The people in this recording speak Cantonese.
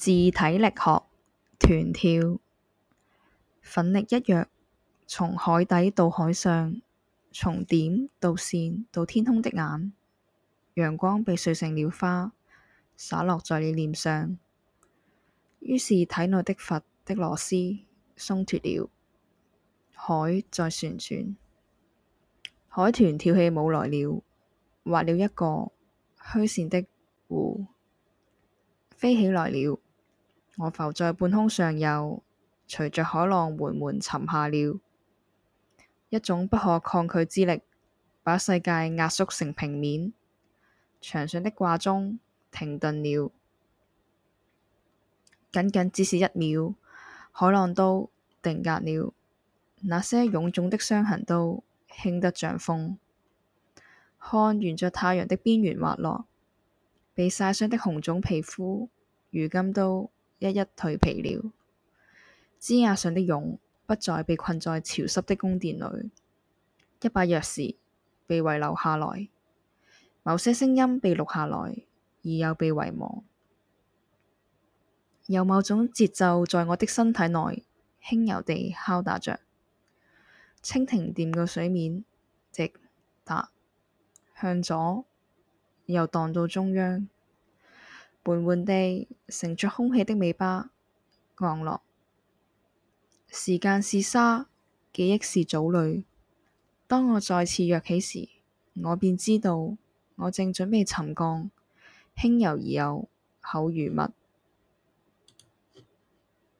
自體力學，豚跳，奮力一躍，從海底到海上，從點到線到天空的眼，陽光被碎成了花，灑落在你臉上。於是體內的閥的螺絲鬆脫了，海在旋轉，海豚跳起舞來了，畫了一個虛線的弧，飛起來了。我浮在半空上又，隨着海浪緩緩沉下了。一種不可抗拒之力，把世界壓縮成平面。牆上的掛鐘停頓了，僅僅只是一秒。海浪都定格了，那些臃腫的傷痕都輕得像風，汗沿着太陽的邊緣滑落，被曬傷的紅腫皮膚，如今都。一一蛻皮了，枝椏上的蛹不再被困在潮濕的宮殿裏。一把鑰匙被遺留下來，某些聲音被錄下來，而又被遺忘。有某種節奏在我的身體內輕柔地敲打着，蜻蜓掂過水面，滴噠向左，又盪到中央。緩緩地乘著空氣的尾巴降落，時間是沙，記憶是藻類。當我再次躍起時，我便知道我正準備沉降，輕柔而又厚如蜜。